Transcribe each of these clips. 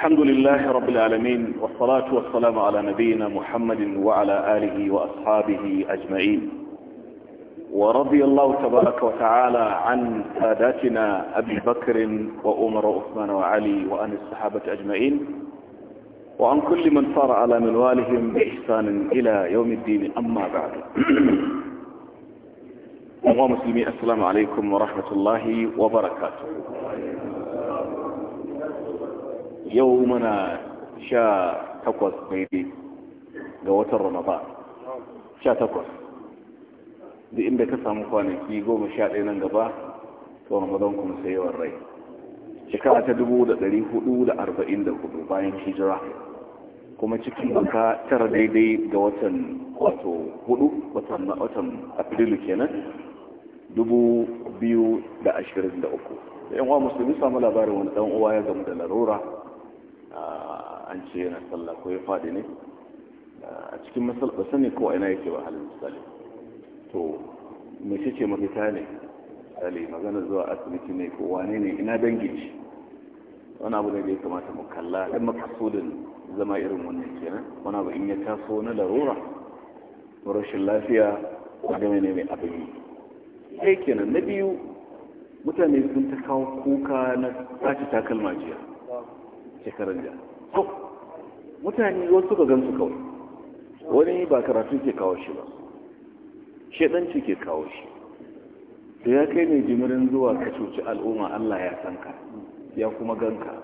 الحمد لله رب العالمين والصلاة والسلام على نبينا محمد وعلى آله وأصحابه أجمعين ورضي الله تبارك وتعالى عن ساداتنا أبي بكر وأمر وعثمان وعلي وأن الصحابة أجمعين وعن كل من صار على منوالهم بإحسان إلى يوم الدين أما بعد أمام مسلمين السلام عليكم ورحمة الله وبركاته yau muna sha takwas daidai ga watan ramadan sha takwas duk inda ka samu kwanaki goma sha ɗaya nan gaba to ramadan kuma sai yawan rai shekara ta dubu da ɗari hudu da arba'in da hudu bayan hijira kuma cikin baka tara daidai ga watan wato hudu watan watan afrilu kenan dubu biyu da ashirin da uku da yan uwa musulmi samu labarin wani dan uwa ya gamu da larura an ce yana sallah ko ya faɗi ne a cikin masal ba sani ko ina yake ba halin misali to me ce ce mafita ne misali magana zuwa asibiti ne ko wane ne ina dangi shi wani abu ne da ya kamata mu kalla ɗan makasudin zama irin wannan kenan wani abu in ya taso na larura rashin lafiya wanda ne mai abin yi sai kenan na biyu mutane sun ta kawo kuka na sace takalma jiya shekaran da, to mutane wasu suka gan kawai wani ba karatu ke kawo shi ba shaidanci ke kawo shi da ya kai ne jimirin zuwa ka cuci al'umma allah ya san ka ya kuma ganka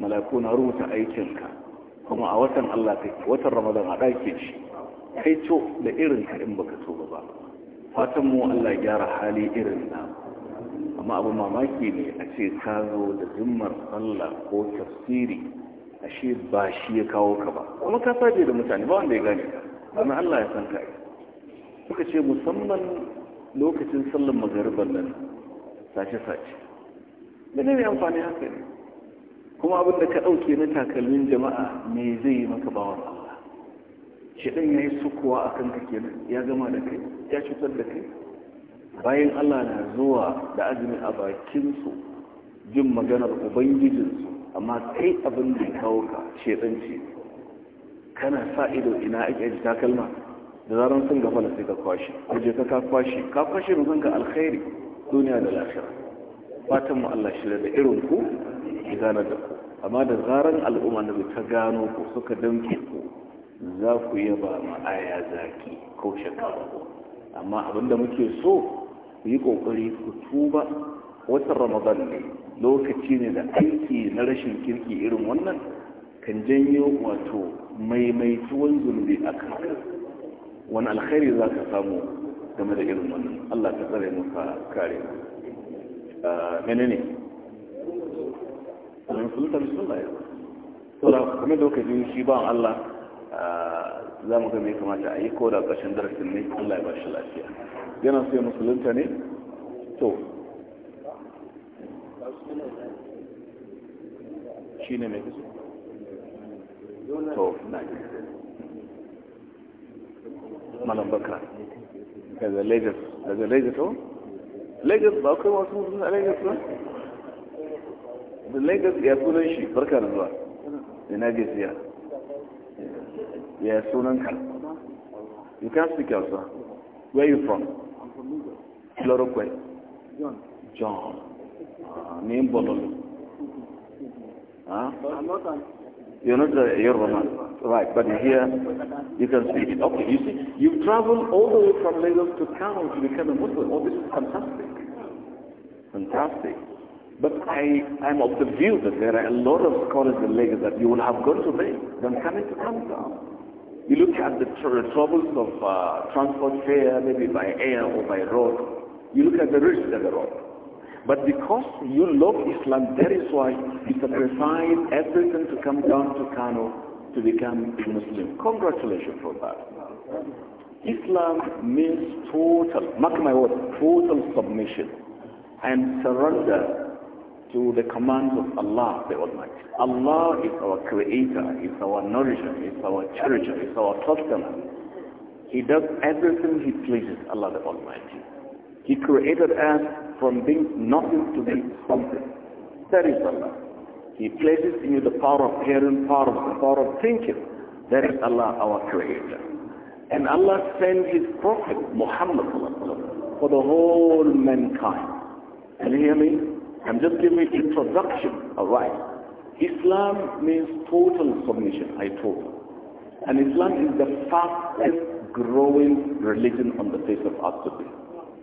malaku na rubuta aikinka kuma a watan allah kake watan ramadan a ɗake shi kai co da irin ka in baka so ba fatan mu allah gyara hali irin namu amma abu mamaki ne a ce ka zo da zimmar Allah ko tafsiri ashe ba shi ya kawo ka ba kuma ka saje da mutane ba wanda ya gane ka Allah ya san ka suka ce musamman lokacin sallar magariban nan sace-sace da ne mai amfani haka ne kuma abin da ka ɗauke na takalmin jama'a me zai yi maka bawan Allah shi ɗan ya yi sukuwa a kan ka kenan ya gama da kai ya cutar da kai bayan allah na zuwa da azumi a bakinsu jin maganar ubangijinsu amma kai abin da ya kawo ka shedanci kana sa ido ina ake aji takalma da zaran sun da sai ka kwashe kuje ka kwashe ka kwashe mu ga alkhairi duniya da lafiya fatan mu Allah shirya da irin ku ya gane da ku amma da zaran al'umma da ta gano ku suka damke ku za ku yaba ma aya zaki ko shakka amma abinda muke so ku yi ƙoƙari ku tuba watan ramadan ne lokaci ne da aiki na rashin kirki irin wannan kan janyo wato maimaituwan zunubi a kan wani alkhairi za ka samu game da irin wannan allah ta tsare mu kare a mene ne sultan sunna sun saboda kamar da kuka ji shi ba allah za mu ga mai kamata a yi ko da ƙarshen darasin ne Allah ya ba shi lafiya yana so ya musulunta ne to shi ne mai kasu to na ji malam bakra daga lagos daga lagos to lagos ba kai wasu musulun a lagos ba da lagos ya sunan shi barka da zuwa ina gajiya Yeah, Sunanka. You can't speak Hausa. Where are you from? I'm from Niger. Lorokwe. John. John. Ah, name Bololo. you're not a uh, Yoruba man. Right, but here you can speak it. Okay, you see, you've traveled all the way from Lagos to Kano to become a Muslim. Oh, this is fantastic. Fantastic. But I, I'm of the view that there are a lot of scholars in Lagos that you will have gone to them than coming to you look at the troubles of uh, transport fare, maybe by air or by road. You look at the risks that the road. But because you love Islam, that is why you sacrifice everything to come down to Kano to become a Muslim. Congratulations for that. Islam means total, mark my word, total submission and surrender to the commands of Allah the Almighty. Allah is our creator, is our nourisher, is our cherisher, is our sustainer. He does everything He pleases, Allah the Almighty. He created us from being nothing to be something. That is Allah. He places in you the power of hearing, power of the power of thinking. That is Allah, our creator. And Allah sent His Prophet Muhammad for the whole mankind. And hear me? I'm just giving an introduction, all right? Islam means total submission, I told you, And Islam is the fastest growing religion on the face of earth today.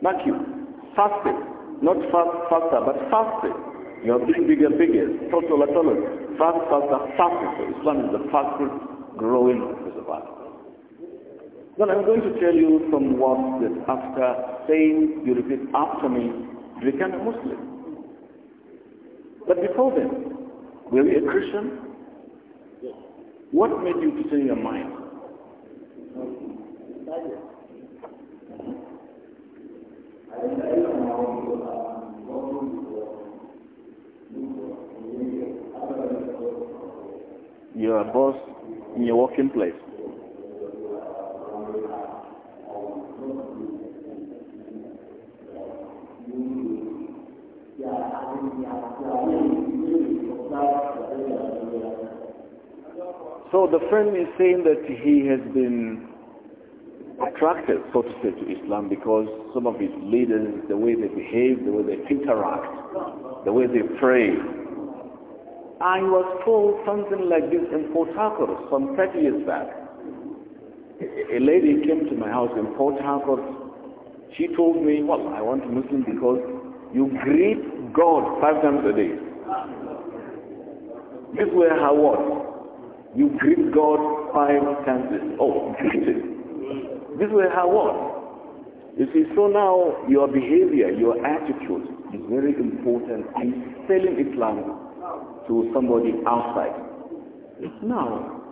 Not you, fastest, not fast, faster, but fastest. You're being bigger, bigger, total, total, fast, faster, faster. So Islam is the fastest growing on the face of earth. Then I'm going to tell you some words that after saying, you repeat after me, become a Muslim. But before then, were you a Christian? What made you change your mind? You are a boss in your working place. Yeah. So the friend is saying that he has been attracted, so to say, to Islam because some of his leaders, the way they behave, the way they interact, the way they pray. I was told something like this in Port Harcourt some 30 years back. A lady came to my house in Port Harcourt. She told me, well, I want to Muslim because you greet God five times a day. This were her words. You greet God five times. Oh, greeted. This was how what? You see, so now your behavior, your attitude is very important in selling Islam to somebody outside. Now,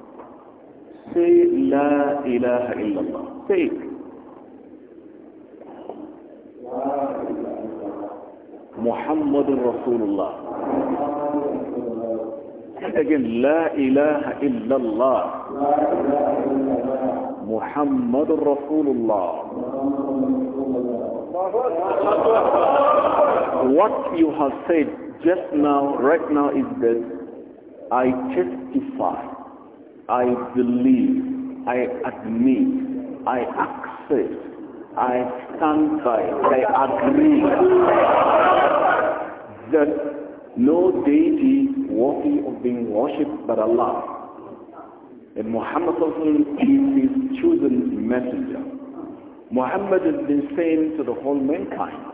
say La ilaha illallah. Say it. Muhammadun Rasulullah. And again, La ilaha illallah. Muhammad Rasulullah. What you have said just now, right now is that I testify, I believe, I admit, I accept, I stand by, I agree that no deity worthy of being worshipped but Allah. And Muhammad is his chosen messenger. Muhammad has been sent to the whole mankind.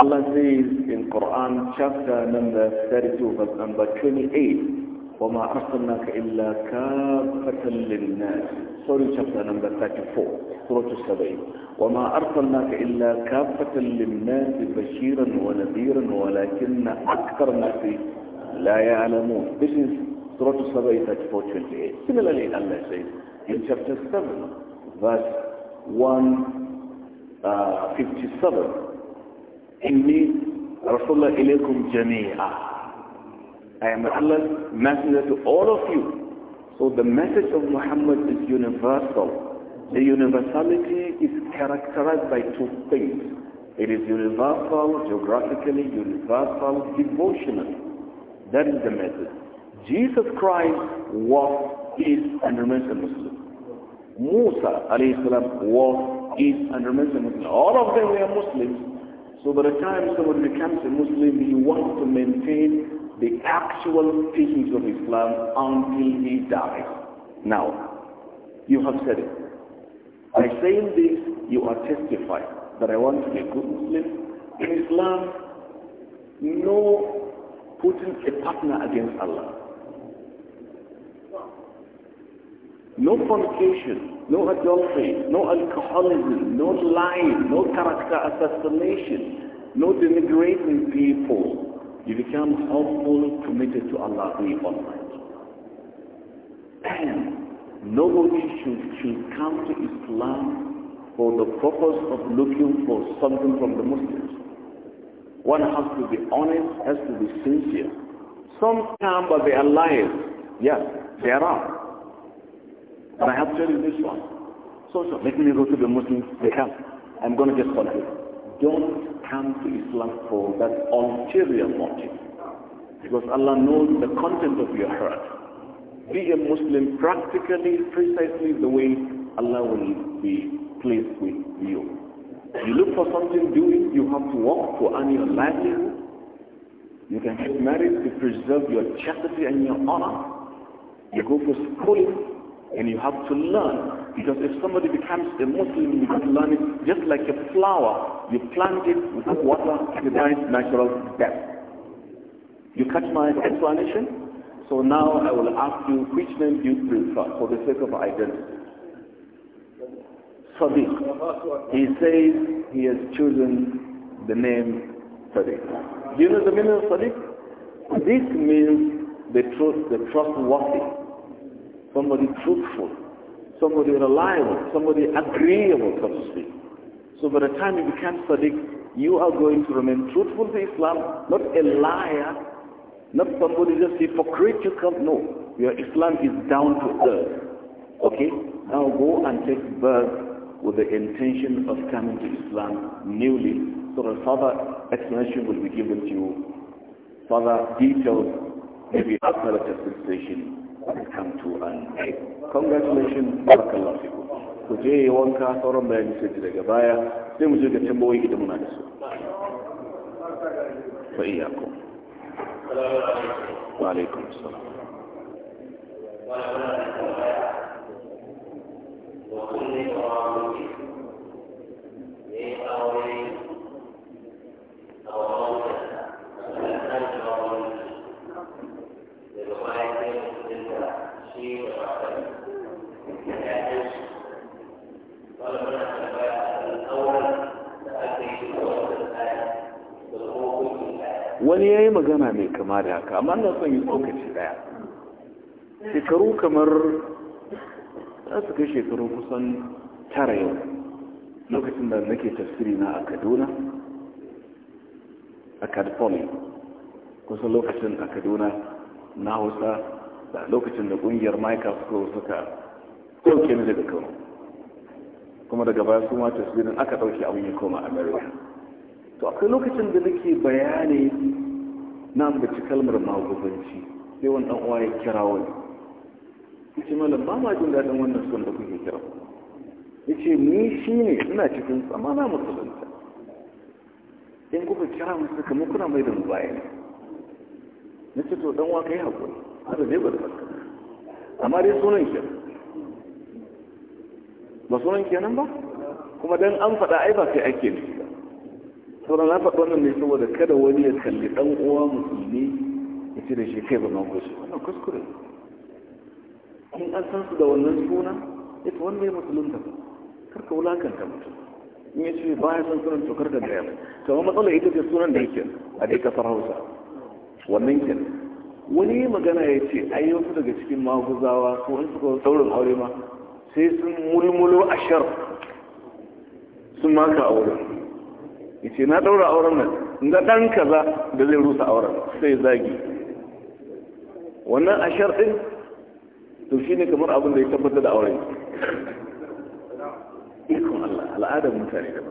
Allah says in Quran chapter number 32 verse number 28, وما أرسلناك إلا كافة للناس Sorry, chapter number 34 سورة السبعين وما أرسلناك إلا كافة للناس بشيرا ونذيرا ولكن أكثر الناس لا يعلمون This is Surah Al-Sabah 28 Similarly, Allah says in chapter 7, verse 157, uh, "Inni رَسُولَ ilaykum jamia." I am Allah's messenger to all of you. So the message of Muhammad is universal. The universality is characterized by two things. It is universal geographically, universal devotionally. That is the message. Jesus Christ was, is, and remains a Muslim. Musa salam, was, is, and remains a Muslim. All of them were Muslims. So by the time someone becomes a Muslim, he wants to maintain the actual teachings of Islam until he dies. Now, you have said it. By saying this, you are testifying that I want to be a good Muslim. In Islam, no putting a partner against Allah. No fornication, no adultery, no alcoholism, no lying, no character assassination, no denigrating people. You become humble, committed to Allah the Almighty. And nobody should, should come to Islam for the purpose of looking for something from the Muslims. One has to be honest, has to be sincere. Some come, but they are lying. Yes, they are. But I have to tell you this one. So, so let me go to the Muslims. They have. I'm going to get started. Don't come to Islam for that ulterior motive. Because Allah knows the content of your heart. Be a Muslim practically, precisely the way Allah will be pleased with you. You look for something, do it. You have to work to earn your livelihood. You can get married to preserve your chastity and your honor. You go for schooling and you have to learn. Because if somebody becomes a Muslim, you can learn it just like a flower. You plant it without water, it dies natural death. You catch my explanation? So now I will ask you, which name do you prefer for the sake of identity? Sadiq. He says he has chosen the name Sadiq. Do you know the meaning of Sadiq? This means the truth, the trustworthy, somebody truthful, somebody reliable, somebody agreeable, so to speak. So by the time you become Sadiq, you are going to remain truthful to Islam, not a liar, not somebody just hypocritical. No, your Islam is down to earth. Okay? Now go and take birth with the intention of coming to Islam newly. So that further explanation will be given to you. Further details maybe after the testation will come to an end. Congratulations, Barakallah Fikum. Ku je yi wanka sauran bayani sai ji daga baya sai mu je ga tambayoyi idan muna da su. Fa iyakum. Wa alaikum assalam. وكل wani ya yi magana mai kama da haka amma na son yi tsokaci daya shekaru kamar za su kai shekaru kusan tara yau lokacin da nake tafsiri na a kaduna a kadfoli kusan lokacin a kaduna na hausa da lokacin da kungiyar maika suka suka ɗauke ni daga kano kuma daga baya su ma tasirin aka ɗauke abin ya koma america to akwai lokacin da nake bayani nan da ci kalmar maguzanci sai wani ɗan uwa ya kira wani ce malam ba ma jin daɗin wannan sukan da kuke kira ce ni shi ne ina cikin tsamana musulunta in kuka kira musu kamar kuna mai da baya ne na ce to dan wa kai haƙuri da zai bada baka amma dai sunan ke ba sunan kenan ba kuma dan an faɗa ai ba sai ake ne sauran na faɗi wannan ne saboda kada wani ya kalli ɗan uwa musulmi ya ce da shi kai ba ma kuskure wannan kuskure in an san su da wannan suna ya ta wanda ya musulunta karka wulakanta mutum in ya ce ba ya san sunan tokar da gaya ba. Kamar amma matsala ita ce sunan da yake a dai kasar hausa wannan ke wani magana ya ce ai wasu daga cikin maguzawa ko wani suka saurin aure ma sai sun mulmulo ashar sun maka a wurin ce na daura auren nan ga ɗan kaza da zai rusa auren sai zagi wannan ashar din to shi ne kamar abin da ya tabbata da aure. ikon Allah al'adar mutane da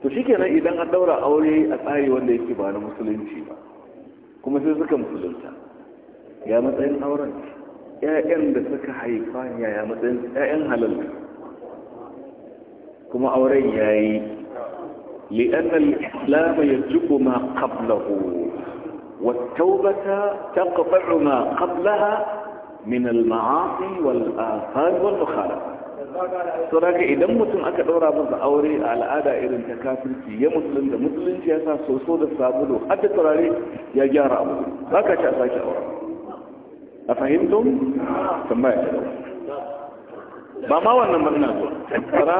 to shi kenan idan an daura aure a tsari wanda yake ba na musulunci ba kuma sai suka musulunta ya matsayin auren ƴaƴan da suka haifa ya matsayin ƴaƴan halal kuma auren yayi li'anna al-islam yajibu ma Wa taubata ta taqta'u ma qablaha min al-ma'asi wal afad wal mukhalafa to daga idan mutum aka daura masa aure a al'ada irin ta kafirci ya musulun da musulunci ya sa soso da sabulu har da turare ya gyara abu ba ka ci a sake aure a fahimtum tambaya ta ba ma wannan murna zo tsara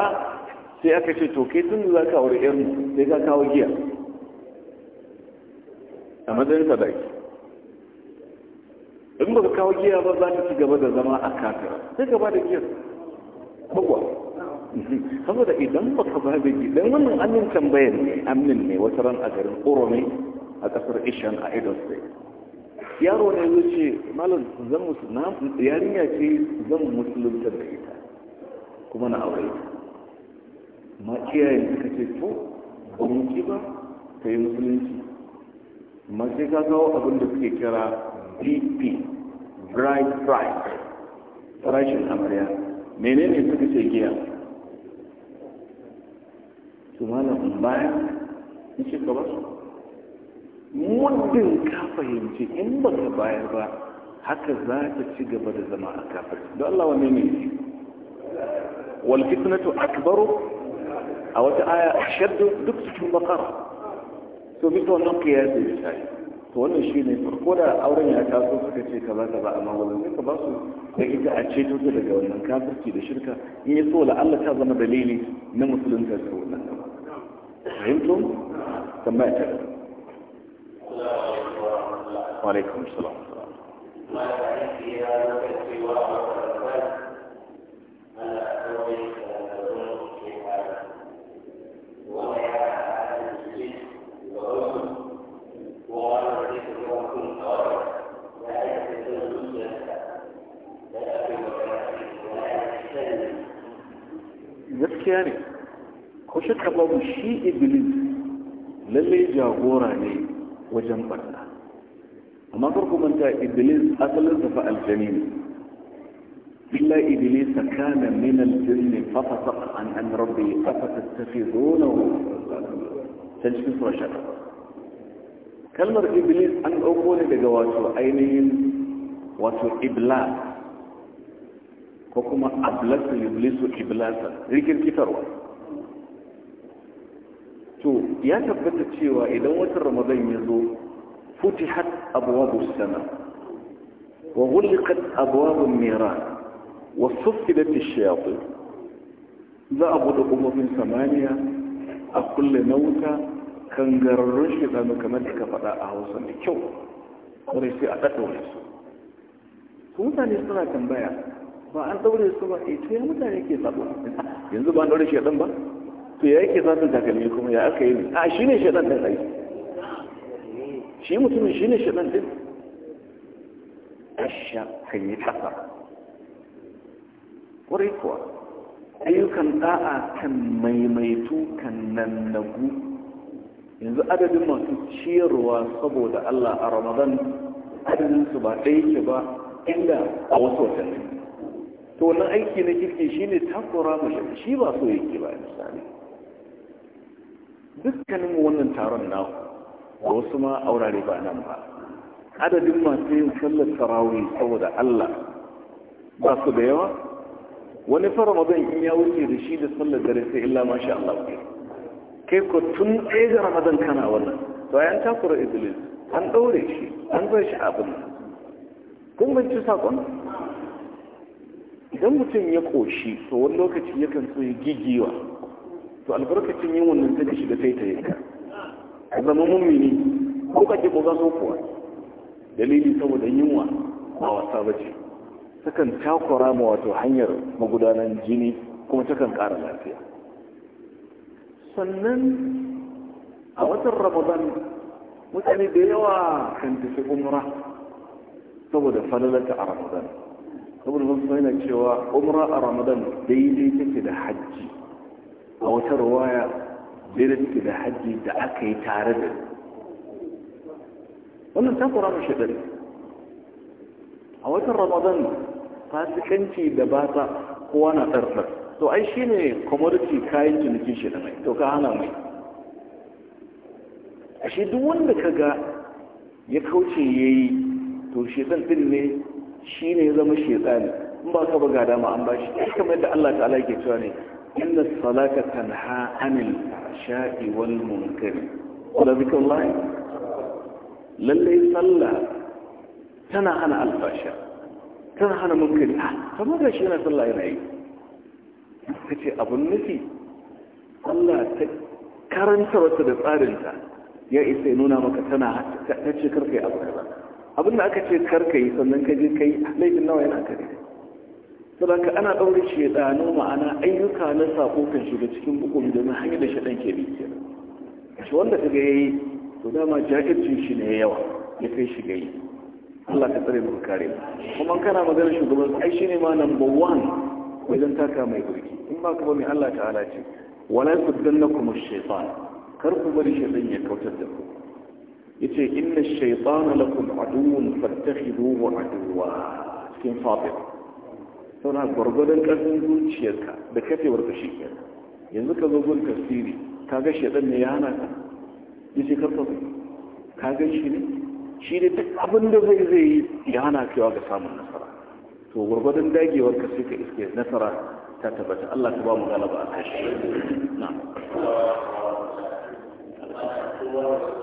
sai aka ce to kai tun za ka aure irin sai ka kawo giya a matsayin sadaki in ba ka kawo giya ba za ta ci gaba da zama a kafira sai gaba da giyar bagwa saboda idan ba ka ba da gidan wannan amin tambayar ne amin ne wata ran a garin oromi a kasar ishan a idon sai yaro ne zai ce malam zan musulma yarinya ce zan musulunta da ita kuma na aure ta ma kiyayen suka ce to ba mu ba ta yi musulunci ma sai ka gawo abin da suke kira bp bright bright farashin amarya menene suka ce giya su malamin baya in ce ka basu muddin ka fahimci in ba ka bayar ba haka za ta ci gaba da zama a kafin. don Allah wanne mene ne wal fitnatu akbaru a wata aya ashaddu duk cikin bakara to bisa wannan kiyasi misali to wannan shi ne ko da auren ya taso suka ce kaza kaza amma wannan sai ka ba su da ita a ceto to daga wannan kafirci da shirka in ya so la Allah ta zama dalili na musulunta ta wannan gaba fahimtum tambaya ta assalam wa alaikum salam gaskiya ne ko shi babu shi iblis lalle jagora ne wajen barna amma farko manta iblis asalin sa fa aljani ne illa iblis kana min aljinni fa fasaqa an an rabbi afatattakhidunahu tajfi surashaka kalmar iblis an ɗauko ne daga wato ainihin wato iblas ko kuma ablasa yublisu iblasa rikin kitarwa to ya tabbata cewa idan watan ramadan ya zo futihat abwabu sama wa ghulqat abwabu miran wa suffidat ash-shayatin za a bude kofofin samaniya a kulle na wuta kangararrun shekaru kamar da ka faɗa a hausa mai kyau wani sai a ɗaɗa wani su mutane suna tambaya ba an daure su ba a eh, ya mutane ke sabo yanzu ba an daure shaɗan ba to ya yake zafin takalmi kuma ya aka yi a shi ne shaɗan ɗin ai shi mutumin shi ne shaɗan din asha kan yi kasa kwarai kuwa ayyukan ɗa'a kan maimaitu kan nan nagu yanzu adadin masu ciyarwa saboda Allah a Ramadan adadin su ba ɗaya ke ba inda a wasu watanni to wannan aiki na kirki shine takura mu shi ba so yake ba misali dukkanin wannan taron na ko wasu ma aurare ba nan ba adadin masu yin sallar tarawih saboda Allah ba su da yawa wani fara mazan in ya wuce da shi da sallar dare sai illa masha Allah kai ko tun ɗaya ga ramadan kana wannan to ayan takura iblis an ɗaure shi an bar shi abin kun ban ci sakon idan mutum ya ƙoshi to wani lokaci ya kan ya gigiwa to albarkacin yin wannan zai shiga sai ta yanka a zama mummini ko kake ko za so kuwa dalili saboda yunwa ba wasa ba ce takan takura ma wato hanyar magudanan jini kuma takan ƙara lafiya sannan a watan ramadan mutane da yawa kan tafi umra saboda falalata a ramadan saboda zan sai cewa umra a ramadan daidai take da hajji a wata ruwaya daidai take da hajji da aka yi tare da wannan ta kura mashi dare a watan ramadan fasikanci da ba ta kowa na ɗarɗar to ai shi ne commodity kayan ciniki shi da mai to ka hana mai a shi duk wanda ka ga ya kauce ya yi to shi zan ɗin ne shi ne ya zama shaitani in ba ka buga ga dama an ba shi kamar da Allah ta'ala ke cewa ne inna salata tanha anil sha'i wal munkar wala zikrullahi lalle sallah tana hana alfasha tana hana munkari A ah, kamar da shi yana sallah yana yi ce abun nufi Allah ta karanta wata da tsarinta ya isa nuna maka tana ta ce karkai abu kaza abin da aka ce karka yi sannan ka je kai, laifin nawa yana kare saboda ana ɗaure shaidanu ma'ana ayyuka na sako kan shiga cikin bukumi domin hanyar da shaɗan ke bi ke shi wanda ka ga yayi to dama jahilcin shi ne yawa ya kai shi ga yi Allah ka tsare mu kare kuma kana magana shugaban ai ne ma number 1 wajen taka mai gurki in ba ka ba mai Allah ta'ala ce wala tuddannakum ash-shaytan kar ku bari shaytan ya kautar da ku يتي إن الشيطان لكم عدو فاتخذوه عدوا كين فاطر ثم هذا برغل الكثير يقول شيئا بكثي ورقشي كذا ينزل كذبون كثير كاقا شيئا نيانا يتي كرتب كاقا شيئا شيئا تقابن دوزي زي يانا كيواقا سام النصر تو غربت داگی اور کسی کے اس کے تتبت اللہ تبا مغلب آتش نعم اللہ تبا مغلب آتش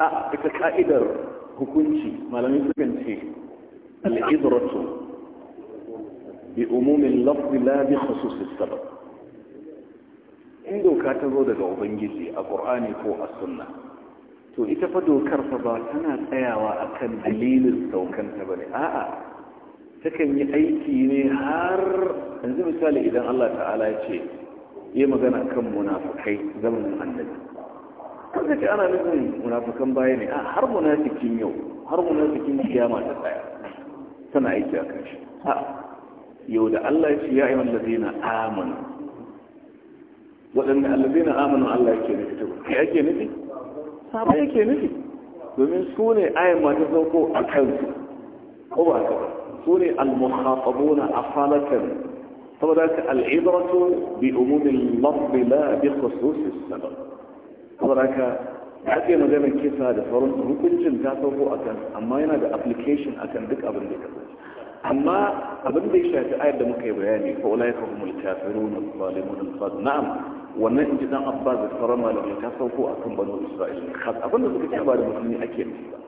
A'a ita ka'idar hukunci malamai sukan ce al'idratu bi umumin lafzi la bi khususis in doka ta zo daga ubangiji a ƙur'ani ko a sunna to ita fa dokar fa ba tana tsayawa akan dalilin saukanta ne. a'a takan yi aiki ne har yanzu misali idan Allah ta'ala ya ce yi magana kan munafukai zamanin annabi kaga ce ana nufin munafukan baya ne har munafikin yau har munafikin kiyama ta tsaya tana aiki a kan shi yau da Allah ya ce ya ayyuhal ladina amanu waɗanda allazina amanu Allah yake nufi to kai yake nufi sabai yake nufi domin su ne ayan ma ta sauko a kansu ko ba ka su ne al-mukhatabuna afalatan saboda ka al-ibratu bi umumil lafzi la bi khususis sabon. saboda haka ya ce maganar kisa da sauran hukuncin ta sauko a kan amma yana da application a kan duk abin da ya kasance amma abin da ya shafi ayar da muka yi bayani ko ulai ka humul kafirun zalimun al-fad na'am wannan in ji dan abba da sauran malamai ta sauko a kan banu isra'ila khas abin da suka ce ba da musulmi ake nufi ba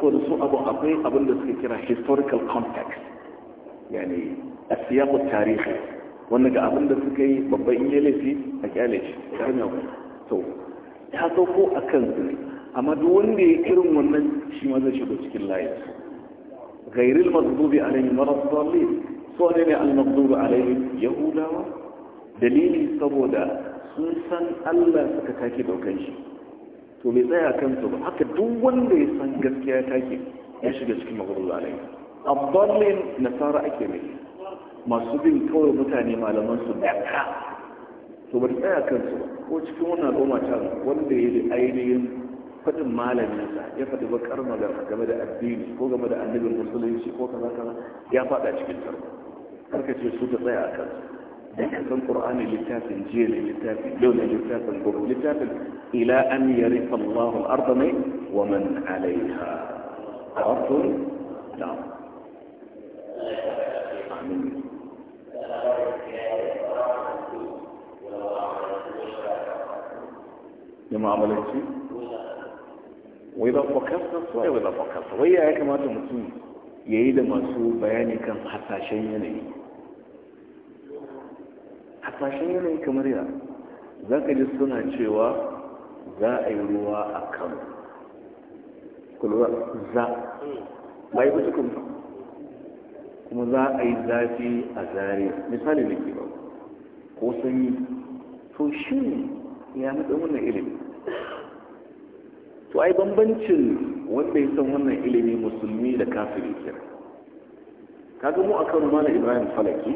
ko da su abu akwai abin da suka kira historical context yani asiyaqu tarihi wanda ga abin da suka yi babban in yi laifi a kyale shi ta hanyar to ta sauko a kan su amma duk wanda ya kirin wannan shi ma zai shigo cikin layin su gairil mazdubi alaihim warasalin so ne ne al-mazdubi alaihi yahudawa dalili saboda sun san Allah suka take daukan shi to bai tsaya kan ba haka duk wanda ya san gaskiya ya take ya shiga cikin mazdubi alaihi abdallin nasara ake mai masu bin kawai mutane malaman su da to ba tsaya kansu ba ko cikin wannan al'umma ta wanda ya yi ainihin faɗin malaminsa ya faɗi bakar magana game da addini ko game da annabin musulunci ko kaza kaza ya faɗa cikin tarko karka ce su ta tsaya a kansu da ka san qur'ani littafin jiya ne littafin yau ne littafin gobe littafin ila an yarifa Allahu al-ardh ne wa man alaiha arafun na'am amin ya mu'amalanci wai ba ku kasa wai wai za wai ya kamata mutum ya yi da masu bayani kan hasashen yanayi hasashen yanayi kamar yana. za ka ji suna cewa za a yi ruwa a kan kulwa za ba yi kusa kuma kuma za a yi zafi a zari. misali da ke ba ko sanyi to shi ne ya matsayin wannan ilimi to ai bambancin wanda ya san wannan ilimi musulmi da kafiri kira ga mu a kano malam ibrahim falaki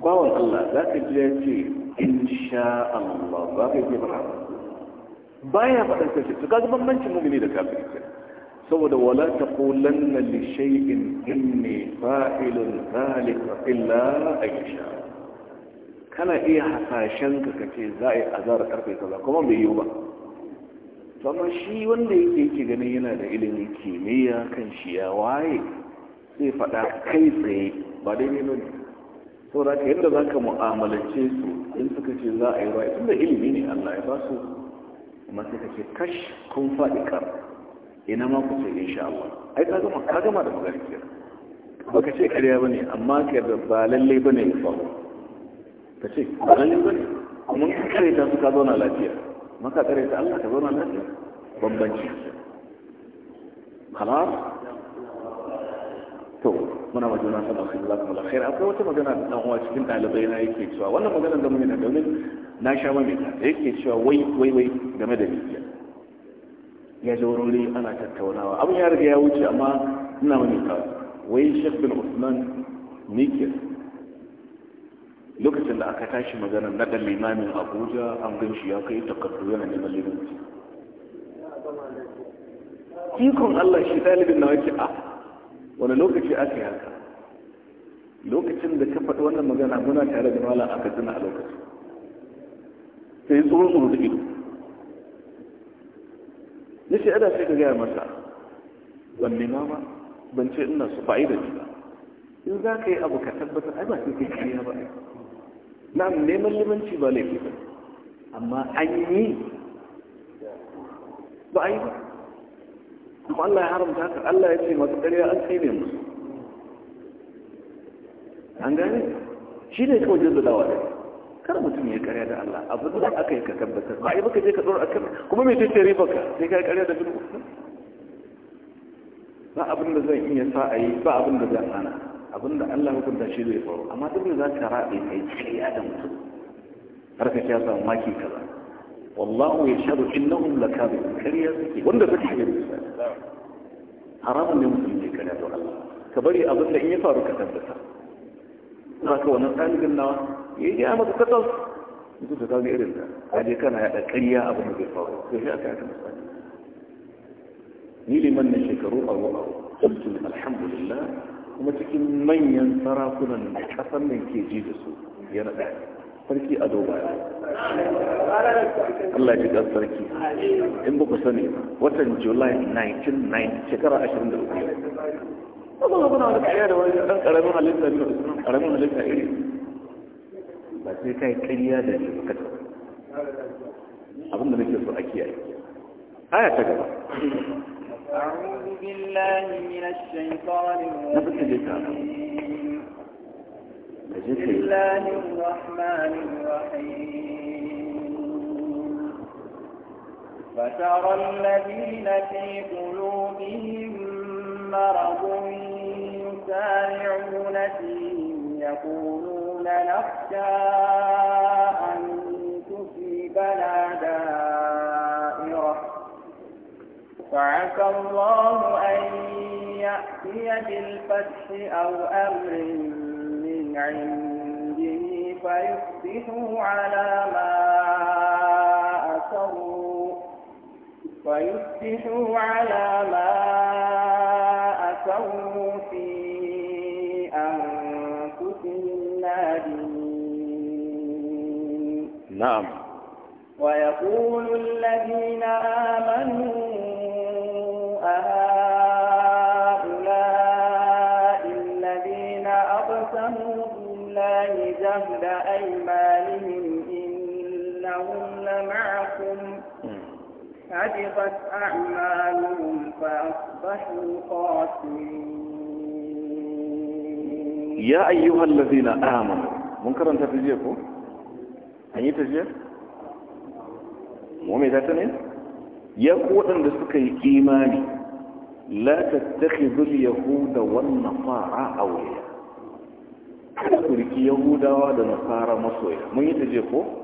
bawan allah za ka ji ya ce insha allah za ka ji ba baya faɗin kashe to kaga bambancin mumini da kafiri kira saboda wala ta ƙulanna li shay'in inni fa'ilun zalika illa aisha kana iya hasashen ka kace za a yi azara karfe kaza kuma bai yiwu ba amma shi wanda yake yake ganin yana da ilimin kimiyya kan shi ya waye zai faɗa kai tsaye ba daidai ba ne sau da yadda za ka mu'amalance su in suka ce za a yi ruwa tun ilimi ne allah ya ba su amma sai ka ce kash kun faɗi kar ina ma ku ce insha allah ai ka gama ka gama da magana ba ka ce karya ba ne amma ka da ba lallai ba ne ya faru ka ce ƙarfin ba ne kuma kare ta suka zauna lafiya maka kare ta Allah ka zauna lafiya bambanci Kana. to muna majuna sana su za kuma lafiyar akwai wata magana da ɗan uwa cikin dalibai na yake cewa wannan magana da mun yi na domin na sha mai ta yake cewa wai wai wai game da bibiya ya ji wurin ana tattaunawa abin ya riga ya wuce amma ina mai ka wai shek bin usman mikir lokacin da aka tashi magana na da limamin abuja an gan shi ya kai takardu yana neman limanci ikon allah shi ɗalibin na wace a wani lokaci aka yi haka lokacin da ka faɗi wannan magana muna tare da mala aka zina a lokaci sai tsoron tsoro da ido na shi ada sai ka gaya masa Ban nema ba ban ce ina su fa'i da ba in za ka yi abu ka tabbatar ai ba sai kai kariya ba na neman limanci ba laifi ba amma an yi ba a yi ba kuma Allah ya haramta haka Allah ya ce masu ƙarya an kai ne musu an gane shi ne kawai dawa da kar mutum ya karya da Allah abu da aka yi ka tabbata ba yi baka je ka tsoro kan kuma mai tace riba ka sai ka karya da duk ba abin da zan iya sa a yi ba abin da zan hana abinda Allah hukunta shi zai faru amma duk da zaka ka raɗe kai kai da mutum har ka kya maki kaza wallahu yashhadu innahum lakadibun kariya suke wanda suke yi haram ne mutum ne kariya to Allah ka bari abin da in ya faru ka tabbata za ka wannan ɗalibin nawa ya yi masa katas mutum ta kawo irin da kaje kana yaɗa kariya abin da zai faru to shi aka yi misali ni liman ne shekaru a wa'a قلت الحمد لله kuma cikin manyan sarakunan da kasan nan ke ji da su yana da sarki a dogara Allah ya ji sarki in ba ku sani watan july 1990 shekara 23 kuma abin wani kariya da wani ɗan ƙaramin halitta ne ƙaramin halitta iri ba sai kai kariya da shi ba ta abin da nake so a kiyaye aya ta gaba أعوذ بالله من الشيطان الرجيم بسم الله الرحمن الرحيم فترى الذين في قلوبهم مرض يسارعون فيهم يقولون نخشى أن تصيبنا دار فعسى الله أن يأتي بالفتح أو أمر من عنده فيصبحوا على ما أسروا فيصبحوا على ما أسروا في أنفسهم نادمين نعم ويقول الذين آمنوا حبطت أعمالهم فأصبحوا خاسرين يا أيها الذين آمنوا منكر أنت تجيكم أن تجيك مؤمن تتنين يا قوة لسك الإيمان لا تتخذ اليهود والنصارى أولياء kada ku riki yahudawa da nasara masoya mun yi ta ko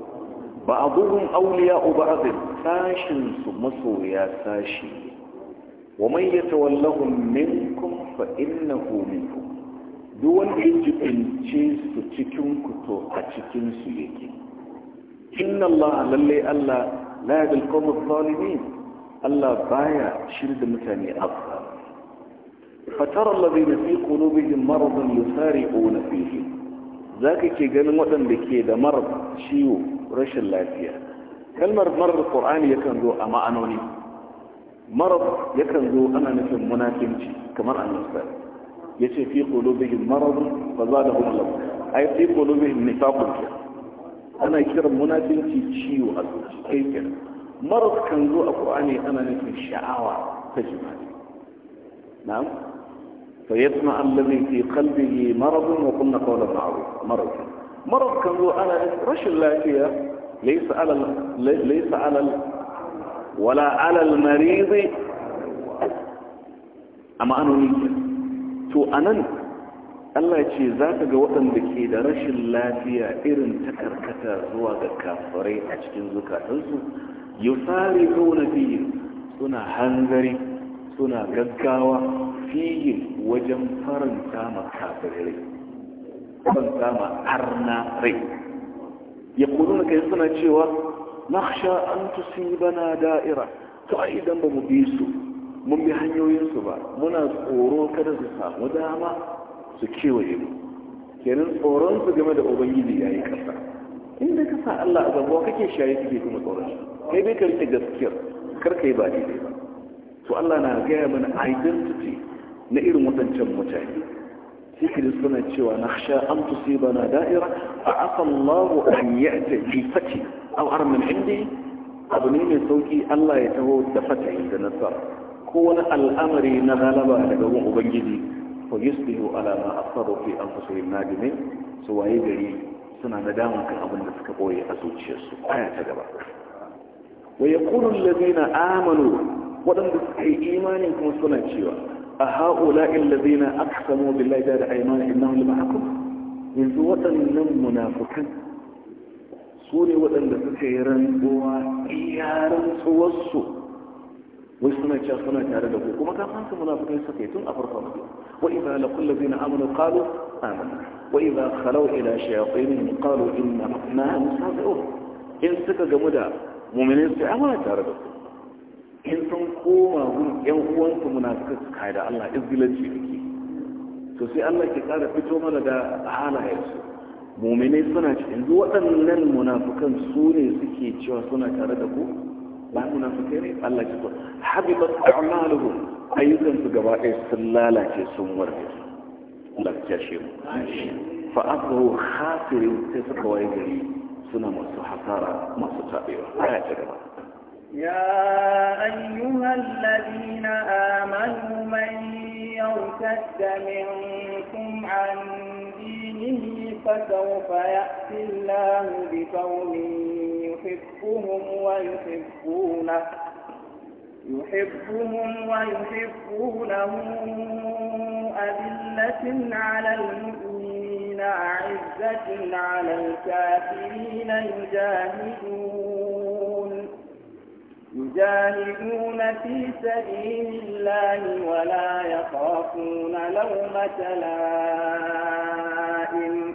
Ba ba'dhum awliya'u ba'd sashin su masoya sashi wa man yatawallahum minkum fa innahu minkum duk jibince su cikin kuto a cikin su yake inna Allah lalle Allah la yadil qawm zalimin Allah baya shirda mutane afsa fatar alladhina fi qulubihim maradun yusari'una Za zaka ke ganin waɗanda ke da marar ciwo قريش اللافية هل مر مر القرآن يكن ذو أما أنوني مر يكن ذو أنا نفهم مناكم كما أن يصدر يتي في قلوبهم مرض فزادهم الله أي في قلوبهم نفاق أنا يكر مناكم تي شيء وأزوج مرض كان ذو القرآن أنا نفهم شعاوة تجمعني نعم فيطمع الذي في قلبه مرض وقلنا قولا معروف مرض مرض كان هو على رش اللاتية ليس على ال... ليس على ال... ولا على المريض أما أنا نيجي تو أنا الله يجي ذاك جوتن بكيد رش اللاتية إيرن تكر كتر زوا كافري أشجن زكا تلسو يفارقون فيه سنا هنزري سنا جدكاوا فيه وجم فرن كام كافر إليه ban kama na rai ya kuru na kai suna cewa naksha an bana da'ira to a idan ba mu bi su mun bi hanyoyinsu ba muna tsoro kada su samu dama su kewaye mu kenan tsoron su game da ubangiji yayi kasa inda ka sa Allah a gaba kake shaye kake kuma tsoron shi kai bai rike gaskiya? kar kai ba dai ba to Allah na gaya mana identity na irin waɗancan mutane zikiri suna cewa na sha an tusiba bana da'ira a asallahu an yi ta au armin indi abu ne mai sauki allah ya taho da fatahi da nasara ko wani al'amari na galaba da wani ubangiji ko yusbihu ala ma asaru fi anfusihim nadimin su waye gari suna nadama kan abin da suka boye a zuciyarsu aya ta gaba wa yaqulu allazina amanu waɗanda suka yi imani kuma suna cewa أهؤلاء الذين أقسموا بالله جاد عيمان إنه لمعكم من ذو وطن من منافكا سوري وطن لفكيرا بوا إيارا سوصو ويسمى يتشاخنا تعالى لكم وما كان فانت منافقين سكيتون أفرقنا وإذا لقوا الذين آمنوا قالوا آمن وإذا خلوا إلى شياطين قالوا إن ما مصابعون إن سكى جمدا مؤمنين سعوا تعالى لكم in sun koma gun yan uwansu muna su kai da Allah izgilanci yake to sai Allah ke kara fito mana da halayensu muminai suna ci yanzu waɗannan munafukan su ne suke cewa suna tare da ku ba munafukai ne Allah ke so habibat a'maluhu ayyukan su gaba ɗaya sun lalace sun warke Allah ya shi mu fa asbahu khasirin sai suka waye gari suna masu hasara masu tabewa aya ta gaba يا أيها الذين آمنوا من يرتد منكم عن دينه فسوف يأتي الله بقوم يحبهم ويحبونه يحبهم ويحبونه أذلة على المؤمنين أعزة على الكافرين يجاهدون يجاهدون في سبيل الله ولا يخافون لومة لائم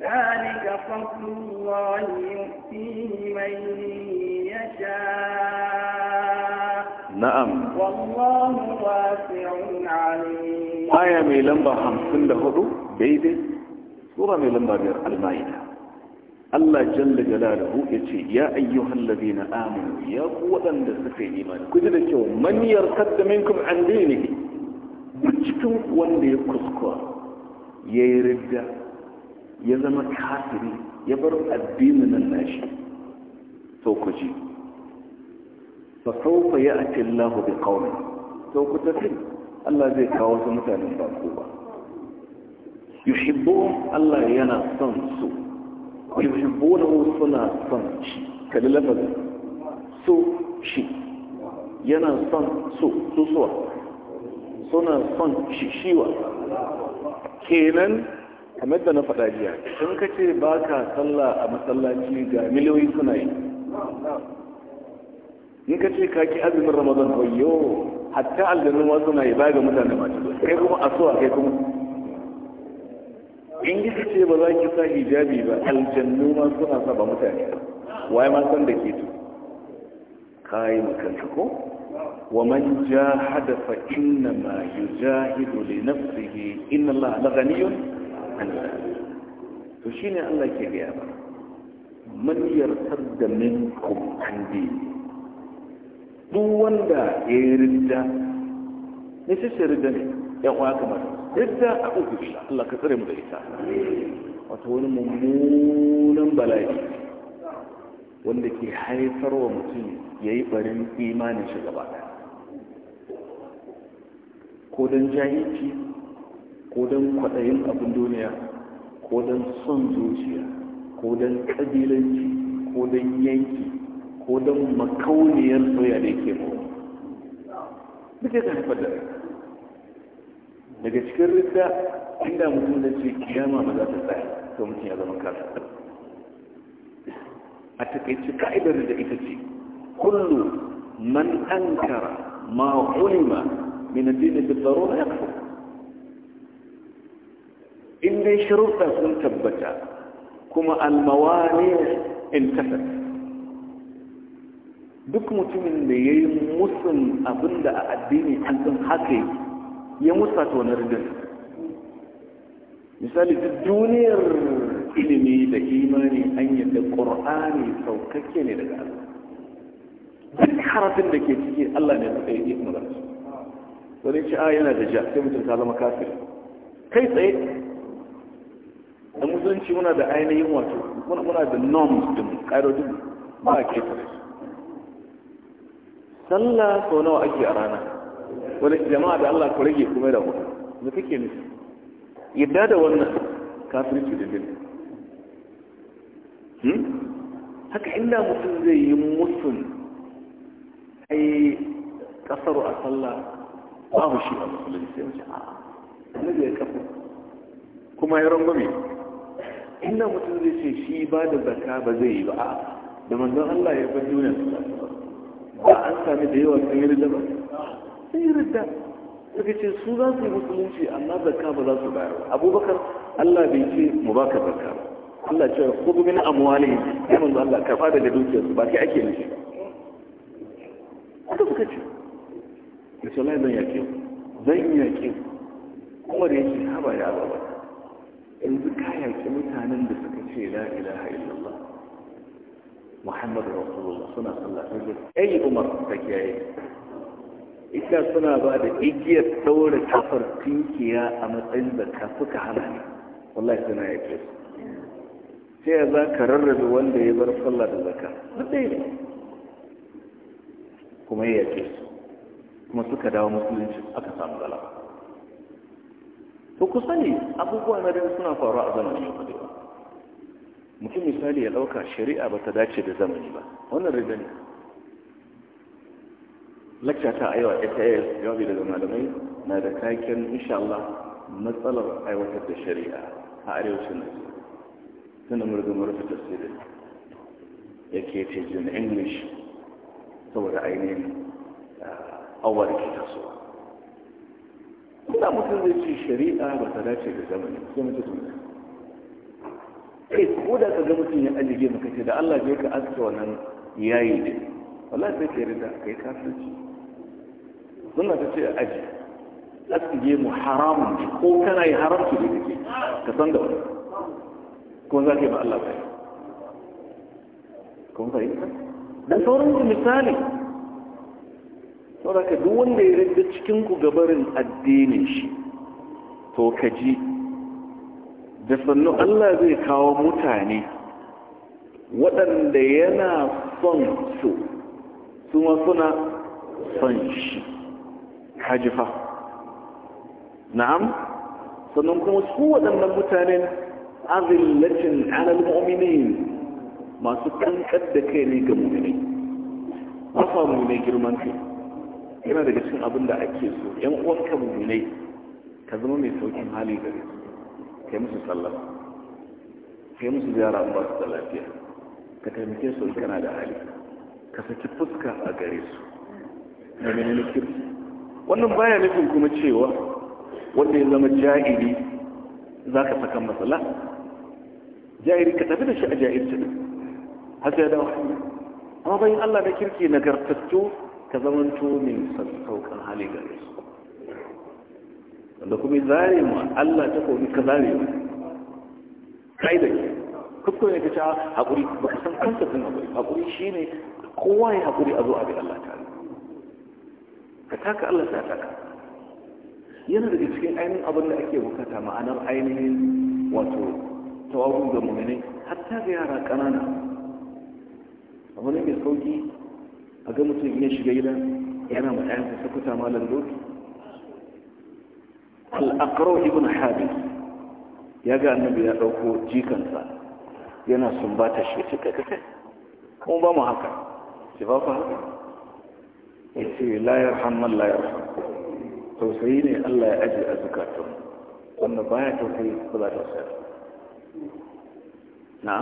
ذلك فضل الله يؤتيه من يشاء نعم والله واسع عليم آية ميلمبا خمسين لهدو بيدي سورة ميلمبا بير المائدة Allah jalla jalaluhu yace ya ayyuhal ladina amanu ya ku wadanda suka yi imani ku ji da cewa man yarkadda minkum an dinihi cikin wanda ya kuskura ya yi ridda ya zama kafiri ya bar addinin nan nashi to ku ji fa sawfa ya'ti Allahu bi qaumin to ku tafi Allah zai kawo su mutanen ba ku ba yuhibbuhum Allah yana son su yuhibbunahu suna son shi kalli lafazin so shi yana son so susuwa suna son shi shiwa kenan kamar da na faɗa jiya in ka ce ba ka sallah a masallaci ga miliyoyi suna yi in ka ce ka ki azumin ramadan wayo hatta aljannu ma suna yi ba ga mutane masu kai kuma a so a kai kuma in yi ce ba za ki sa hijabi ba aljannu ma suna saba mutane waye ma san da ke to kayi makanka ko wa man jahada fa inna ma yujahidu li nafsihi inna Allah la ghaniyun an to shine Allah ke gaya ba man yartadda minkum an dini duk wanda ya yi ridda ne sai ridda ne ya kwa kamar ridda a shi Allah ka tsare mu da ita wato wani mummunan bala'i wanda ke haifar wa mutum ya yi barin imanin shi gaba ko don jahilci ko don kwaɗayin abin duniya ko don son zuciya ko don ƙabilanci ko don yanki ko don makauniyar soya da yake mawa duk ya haifar da rai daga cikin rida inda mutum da ce kiyama ba za ta tsaya to mutum ya zama kafin a takaici ka'idar da ita ce kullu man ankara ma ulima min addini bi darura yakfur in dai shuruɗa sun tabbata kuma almawani intafat duk mutumin da ya yi musun abinda a addini an san haka yi ya musa ta wani ridin misali duk duniyar ilimi da imani an da ƙor'ani saukakke ne daga Allah duk harafin da ke ciki Allah ne suka yi ikon rasu wani ci a yana da ja sai mutum ta zama kafir kai tsaye da musulunci muna da ainihin wato muna da norms din ƙa'idodin ba a tsaye sallah sau nawa ake a rana wani jama'a da Allah ku rage kuma da mutu da kake nufi yadda da wannan kafirci da dinin hmm? haka inda mutum zai yi mutum ai kasaru a sallah babu shi a musulunci sai mace a annabi ya kafa kuma ya rangwame inda mutum zai ce shi ba da zaka ba zai yi ba a da manzon Allah ya bar duniya ba an sami da yawa sun yi da ba sai rida suka ce su za su yi musulunci amma zakka ba za su bayar abubakar allah bai ce mu baka zakka ba Allah ce ko bi min amwali sai manzo Allah karfa daga dukiyar su ba sai ake nishi haka suka ce da shi Allah zan yake zan yake kuma da yake haba ya baba yanzu ka yake mutanen da suka ce la ilaha illallah Muhammadu Rasulullah suna sallah sai ai Umar ta kiyaye ita suna ba da igiyar saurin kafar tinkiya a matsayin da ka suka hana ne wallahi suna ya ce sai ya za ka rarrabe wanda ya bar sallah da zaka duk ne kuma ya ce kuma suka dawo musulunci aka samu galaba to ku sani abubuwa na dai suna faruwa a zamanin yau mutum misali ya ɗauka shari'a ba ta dace da zamani ba wannan rigani lakta ta aiwa SAS jawabi daga malamai na da taken insha Allah matsalar aiwatar da shari'a a arewacin Najeriya tana murgamar rufe tafsirin yake tejin English saboda ainihin ah, awar ke tasowa kuna mutum zai ce shari'a ba ta dace da zamani sai mutum tuni kai ko da ka ga mutum ya ajiye maka ce da Allah bai ka aske wannan yayi ne wallahi sai ka yarda kai kafirci suna ta ce aji aski mu haram ne ko kana yi haramci ne kake ka san da wani ko za ka yi ba Allah bai kun fahimta da sauran misali saboda duk wanda ya rage cikin ku gabarin addinin shi to ka ji da sannu Allah zai kawo mutane waɗanda yana son su suma suna son shi hajifa na'am sannan kuma su waɗannan mutanen azillacin alal mu'minin masu kankar da kai ne ga mu'mini kafa mu'mini girman kai yana daga cikin abin da ake so yan uwanka mu'minai ka zama mai saukin hali gare su kai musu sallah kai musu ziyara ba su da lafiya ka taimake su kana da hali ka saki fuska a gare su da menene kirki wannan baya nufin kuma cewa wanda ya zama jahili za ka saka matsala jahili ka tafi da shi a jahilci har sai da amma bayan Allah na kirki na nagartattu ka zamanto mai sassaukan hali gare su wanda kuma zare mu Allah ta komi ka zare mu kai da ke kuskure ne ka ci ah, haƙuri ba ka san kansa sun haƙuri haƙuri ne kowa ya haƙuri a zo a bi Allah tare ka taka Allah ta taka yana daga cikin ainihin abin da ake bukata ma'anar ainihin wato tawagu ga mummune hatta ga yara ƙanana abu ne mai sauƙi a ga mutum ya shiga gida yana ma ɗayansa sakuta malam doki al'akarau ibn habib ya ga annabi ya ɗauko jikansa yana sumbata shi ya kai-kai-kai. kuma ba mu haka shi ba fa. haka yace la yarham man la yarham tausayi ne Allah ya aje a zukatun wanda baya tausayi ba za ta sayar na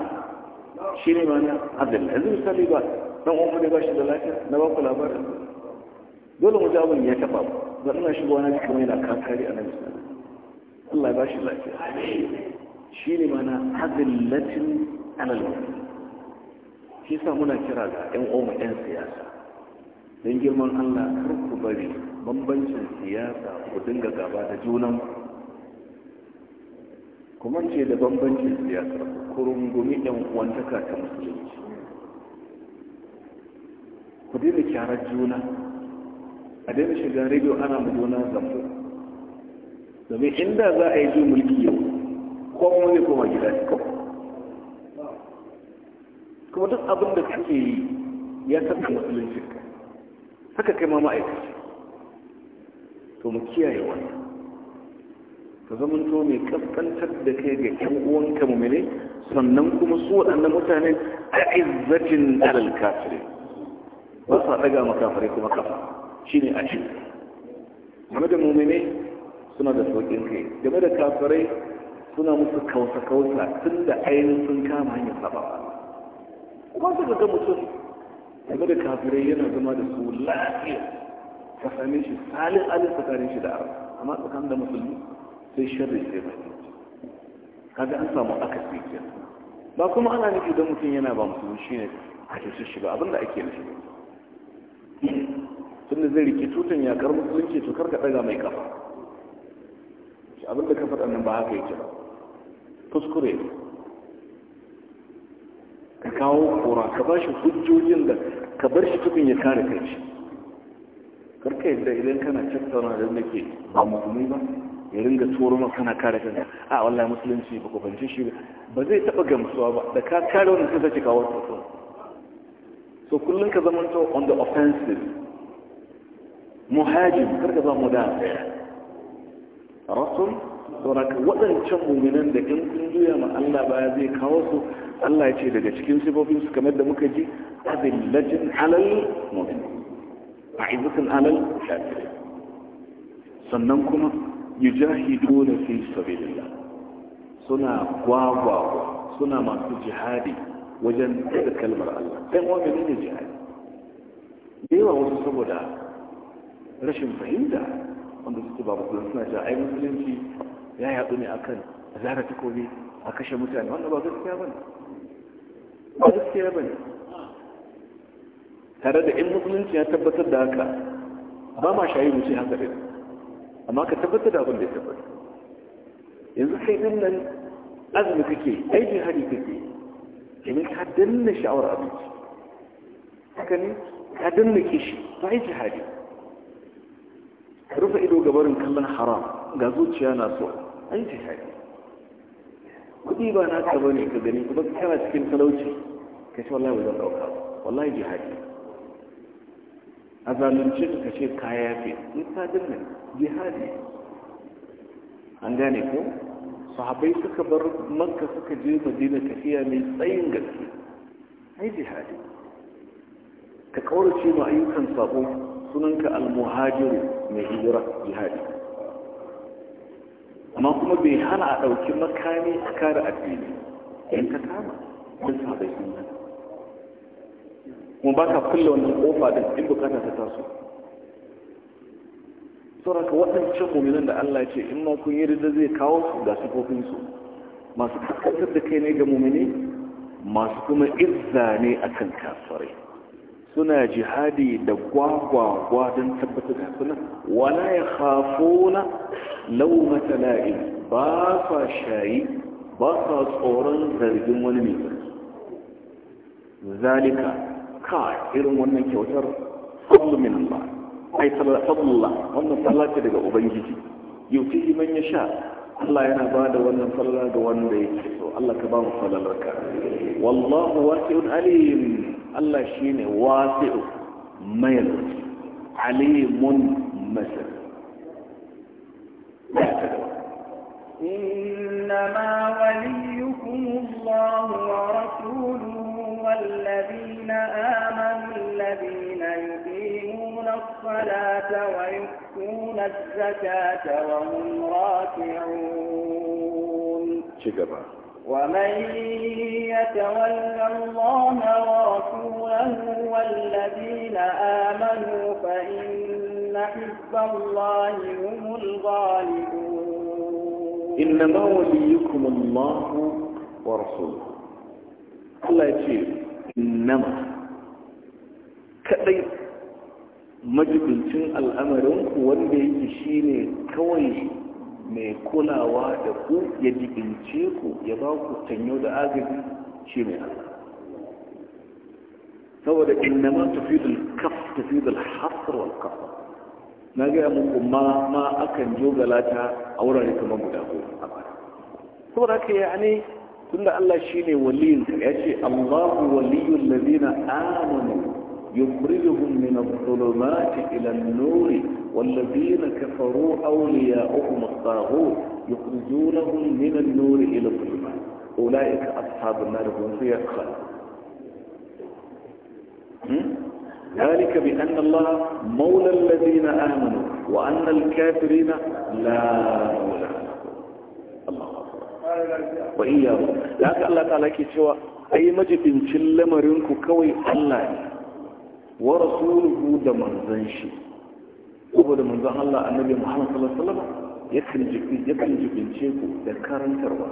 shi ne ma na adal yanzu misali ba dan uwan da ba shi da lafiya na ba ku labarin dole mu ji abin ya taba ba ina shigo na kuma yana kakari a nan misali Allah ya ba shi lafiya shi ne ma na adillatin alal shi sa muna kira ga 'yan uwan 'yan siyasa don girman allah kar ku bari bambancin siyasa ku dinga gaba da junan kuma ce da bambancin siyasar ku rungumi ɗan uwantaka ta musulunci ku daina kyarar juna a daina shiga rediyo ana mu juna zambo domin inda za a yi ji mulki yau kowa ne koma gida kawai kuma duk abin da kake yi ya saka musulunci ka haka kai ma ma'aikaci to mu kiyaye wani ka zama to mai kaskantar da kai ga ƴan uwanka mu ne sannan kuma su waɗannan mutane a izzatin alal kafire ba sa ɗaga makafare kuma kafa shine a shi game da mumine suna da sauƙin kai game da kafirai suna musu kausa-kausa tun da ainihin sun kama hanyar saba ba su ga mutum game da kafirai yana zama da su lafiya ka same shi salin alin tsakanin shi da arab amma tsakanin da musulmi sai sharri sai ba ga an samu akasi kenan ba kuma ana nufi don mutum yana ba musulmi ne a cutar shi ba abinda ake nufi tunda zai rike ya kar musulunci to karka daga mai kafa abinda ka faɗa nan ba haka yake ba kuskure ne ka kawo kora ka ba shi hujjojin da ka bar shi tukun ya kare kai shi karka yadda idan kana tattauna da nake ba musulmi ba ya ringa tsoro ma kana kare kai a wallahi musulunci ba ku fahimci shi ba zai taba gamsuwa ba da ka kare wannan sai sace kawo tsoro so kullun ka zama to on the offensive muhajir karka ba mu da rasul sauraka waɗancan muminan da in kun juya ma Allah baya zai kawo su Allah ya ce daga cikin sifofin su kamar da muka ji azillatin alal mu'min a'izatin alal kafir sannan kuma yi da fi sabilillah suna gwagwagwa suna masu jihadi wajen da kalmar Allah dan wa menene jihadi da yawa wasu saboda rashin fahimta wanda suke ba musulunci suna cewa ai musulunci ya yaɗu ne akan zara takobi a kashe mutane wanda ba gaskiya ba ne ba gaskiya ba ne tare da in musulunci ya tabbatar da haka ba ma shayi mutu ya haka da, amma ka tabbatar da abin da ya tabbatar yanzu kai ɗin nan azumi kake aikin hari kake domin ka danna sha'awar abinci haka ne ka danna kishi ba yi jihadi rufe ido gabarin kallon haram ga zuciya na so an ci shaɗi kuɗi ba na ka bane ka gani kuma kana cikin talauci ka ce wallahi wajen ɗauka wallahi jihadi a zalunce ka ce kaya fi in ka dinnan jihadi an gane ko sahabai suka bar makka suka je madina tafiya mai tsayin gaske ai jihadi ka kaurace ma ayyukan sabo sunanka al-muhajiru mai hijira jihadi amma kuma bai hana a ɗauki makami a kare addini in ka kama duk sahabai sun kuma ba ka kulle wannan kofa da in bukata ta taso ka waɗancan muminan da Allah ce in ma kun yi rida zai kawo su ga masu kaskantar da kai ne ga mumini masu kuma izza ne akan kafirai suna jihadi da gwagwagwa don tabbatar da suna wala ya khafuna laumata la'in ba sa shayi ba sa tsoron zargin wani mai zargi zalika ka irin wannan kyautar fadlu min Allah ai sallallahu wannan salati daga ubangiji Yau yuti man ya sha. Allah yana ba da wannan sallah ga wanda yake so Allah ka ba mu sallarka wallahu wasi'un alim الله شيني واسع ميل عليم lauci إنما وليكم الله ورسوله والذين آمنوا الذين يقيمون الصلاة ويؤتون الزكاة وهم راكعون شكرا ومن يتول الله ورسوله والذين آمنوا فإن حزب الله هم الغالبون إنما وليكم الله ورسوله الله يقول إنما كأي majibincin الأمر wanda yake shine mai kulawa da ku ya jibince ku ya ba ku tanyo da agaji shi mai Allah saboda innama tafidul kaf tafidul hasr wal kaf na ga mu ma ma akan jogala ta a wurare kamar guda ko a saboda haka yani tunda Allah shine waliyin sa yace Allahu waliyul ladina amanu yukhrijuhum min adh-dhulumati ila an-nuri والذين كفروا أولياؤهم الطاغوت يخرجونهم من النور إلى الظلمات أولئك أصحاب النار هم فيها ذلك بأن الله مولى الذين آمنوا وأن الكافرين لا مولى الله وإياه لك الله تعالى كتوى أي مجد شل مرنك كوي الله ورسوله دمر زنشي saboda manzon Allah annabi Muhammad sallallahu alaihi wasallam yakan jikin yakan jibince ku da karantarwa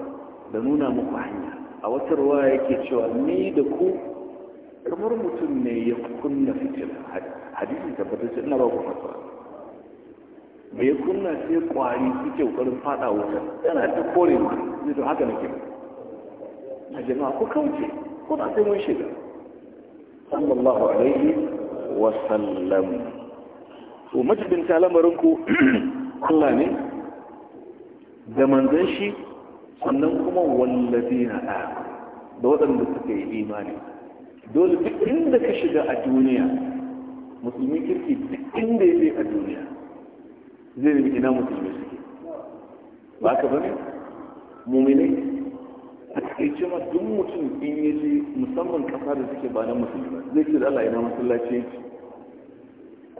da nuna muku hanya a wata ruwa yake cewa ni da ku kamar mutum ne ya kunna fitila hadisi tabbatar ina ba ku fatwa ya kunna sai kwari suke kokarin fada wuta yana ta kore ma zai to haka nake a jama'a ku kauce ko ba sai mun shiga sallallahu alaihi wa sallam to majibinta lamarinku Allah ne da manzan shi sannan kuma wallafi na da waɗanda suka yi imani dole duk inda ka shiga a duniya musulmi kirki duk inda ya a duniya zai rubi ina musulmi suke ba ka bane muminai a cikin ma duk mutum in yi musamman kasa da suke ba na musulmi zai ce da Allah ina masallaci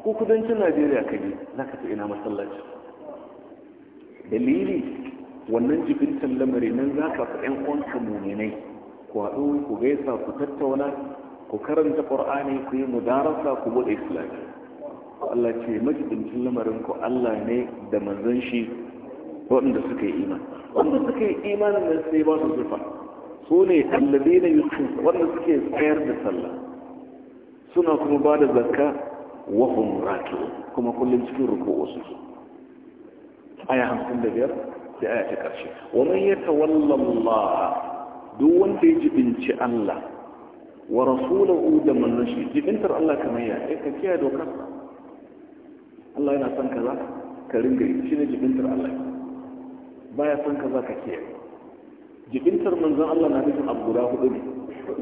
ko kudancin najeriya ka za ka ina masallaci dalili wannan jibintan lamari nan za ka fi ‘yan uwanka muminai ku haɗu ku gaisa ku tattauna ku karanta ƙur'ani ku yi mudarasa ku buɗe islami Allah ce majibincin lamarin ku Allah ne da manzan shi waɗanda suka yi iman wanda suka yi imanin nan sai ba su zufa su ne allabi na yusuf wanda suke tsayar da sallah suna kuma ba da zakka wa hum raki'un kuma kullum cikin ruku'u suke aya 55 sai aya ta karshe wa man yatawalla Allah duk wanda ya jibinci Allah wa rasulahu da manzon shi jibintar Allah kamar ya eh, ka kiyaye doka? Allah yana son kaza ka ringa shi ne jibintar Allah baya son kaza ka kiyaye jibintar manzon Allah na nufin abu guda hudu ne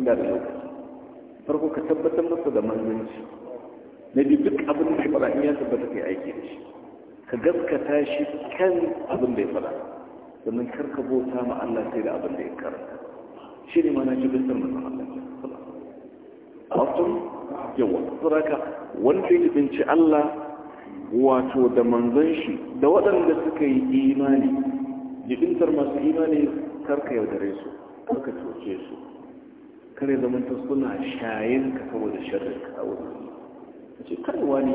inda da lokaci farko ka tabbatar masa da manzanci na biyu duk abin da ya fara in ya tabbata kai aiki da shi ka gaskata shi kan abin da ya fara sannan kar ka bauta ma Allah sai da abin da ya karanta shi ne mana cikin sirrin Allah Asun yawa saraka wanda ya binci Allah wato da manzon shi da waɗanda suka yi imani jibintar masu imani ka yaudare su kar ka coce su kare zamanta suna shayin ka saboda sharri a wurin ce kai wani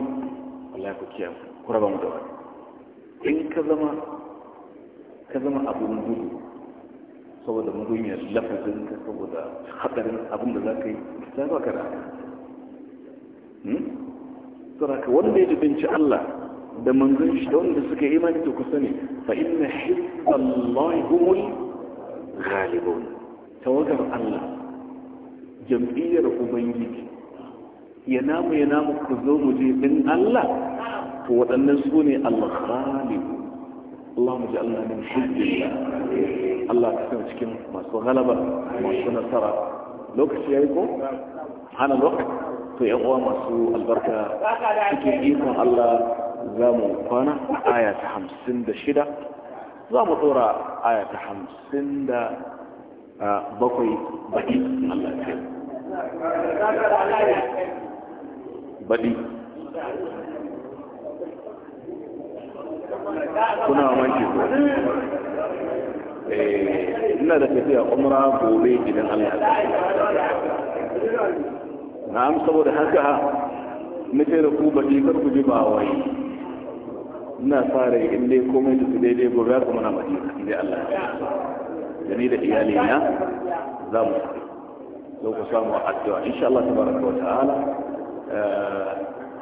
Allah ku kiya ku raba mu da wani in ka zama ka zama abun gudu saboda lafazin ka saboda hadarin abin da ka yi ta ba ka da saraka hmm? wanda ya Allah da manzon shi da wanda suka yi imani to ku sani fa inna hizballahi humul ghalibun tawagar Allah jam'iyyar ubangiji ya namu ya namu ku zo mu je din Allah to waɗannan su ne al-khalid Allah mu ji Allah min hujjillah Allah ka san cikin masu galaba masu nasara lokaci yayi ko hana lokaci to yan uwa masu albarka cikin ikon Allah za mu kwana aya ta hamsin da shida za mu tsora aya ta hamsin da ah, bakwai baki Allah ya baɗi kuna manci ko eh, ina da tafiya umra gobe idan Allah ya na'am saboda haka nace da ku baɗi kar ku ji ba wai ina fara in komai da su daidai gobe ya kuma na baɗi dai Allah da ni da iyali na za mu so ku samu addu'a insha Allah tabaraka wa ta'ala Eh,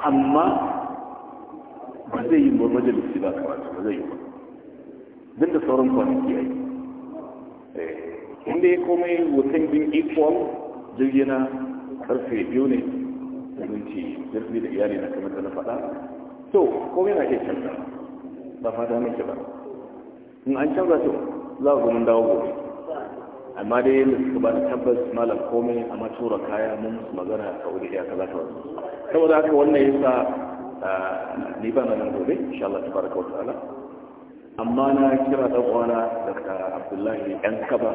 amma ba zai yi ba majalisi ba karatu ba zai yi ba din da sauran kwanaki a yi eh, inda ya komai wutan bin equal jirgina karfe biyu ne abinci jirgin da iyali na kamar da na faɗa to komai na ke canza ba fata nake ba in an canza to za a zo mun dawo gobe amma dai da suka ba da tabbas malam komai a tura kaya mun magana a saudi ya kaza ta wani saboda haka wannan sa ni ba na nan gobe insha Allah tabaraka wa ta'ala amma na kira dan uwana daga Abdullahi yan kaba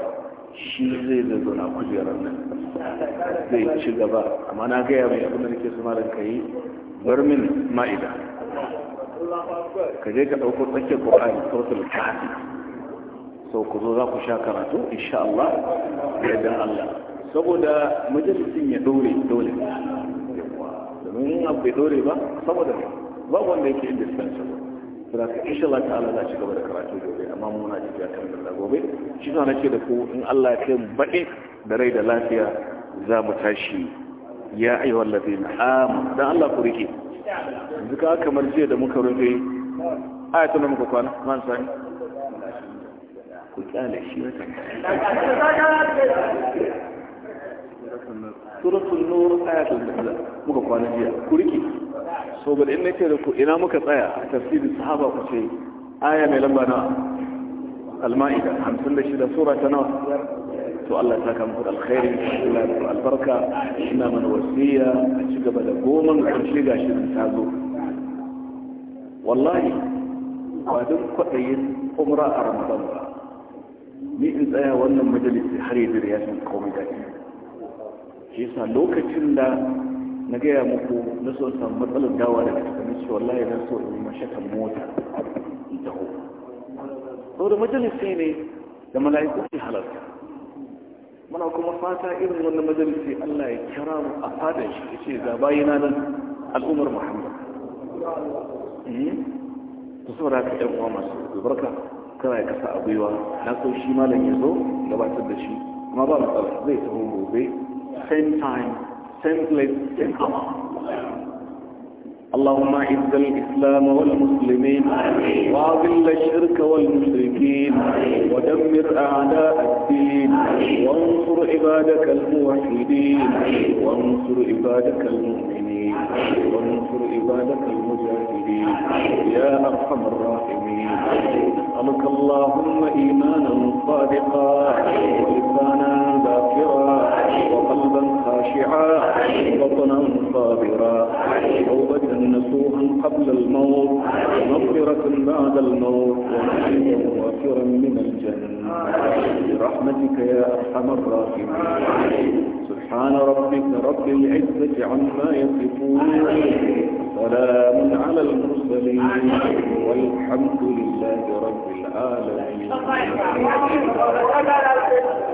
shi zai zai zo na kujerar nan zai ci gaba amma na gaya mai abin da nake su malam kai bar min ma'ida ka je ka ɗauko tsakiyar Qur'ani sautul kafi so ku zo za ku sha karatu insha Allah da yadda Allah saboda majalisin ya dore dole domin abu bai dore ba saboda ba wanda yake inda suka ci ba ka insha Allah ta'ala za ci gaba da karatu gobe amma muna ji ya kan da gobe shi na ce da ku in Allah ya kai mu baɗe da rai da lafiya za mu tashi ya ayyuhal ladina amanu dan Allah ku rike yanzu ka kamar jiya da muka rufe ayatul muka kwana man sani ku kyale shi wata suratul nur ayatul nisa muka kwana jiya ku riki saboda in nake da ku ina muka tsaya a tafsirin sahaba ku ce aya mai lamba na al-ma'ida 56 sura ta nawa to Allah ta kama da alkhairi Allah ya albarka ina mana wasiya a ci gaba da goma ƙarshe ga shirin ta zo wallahi ba don kwaɗayin umra a ramadan ba ni in tsaya wannan majalisi har yanzu ya san komai da shi yasa lokacin da na gaya muku na so samu matsalar dawa daga cikin cewa wallahi na so in mashakan mota in taho saboda majalisi ne da mala'iku ke halarta muna kuma fata irin wannan majalisi Allah ya kira mu a fadar shi yace za na nan al'ummar Muhammad hmm? to saboda ka ƴan uwa masu albarka kana kasa abuwa na so shi malam ya zo gabatar da shi amma ba matsala zai taho gobe same time same place same hour اللهم اعز الإسلام والمسلمين وأذل الشرك والمشركين ودمر أعداء الدين وانصر عبادك الموحدين وانصر عبادك المؤمنين وانصر عبادك المؤمنين الغائبين يا أرحم الراحمين نسألك اللهم إيمانا صادقا ولسانا ذاكرا وقلبا خاشعا وبطنا صابرا توبة نسوها قبل الموت ومغفرة بعد الموت ونعيما وافرا من الجنة برحمتك يا أرحم الراحمين سبحان ربك رب العزة عما يصفون سلام على المرسلين والحمد لله رب العالمين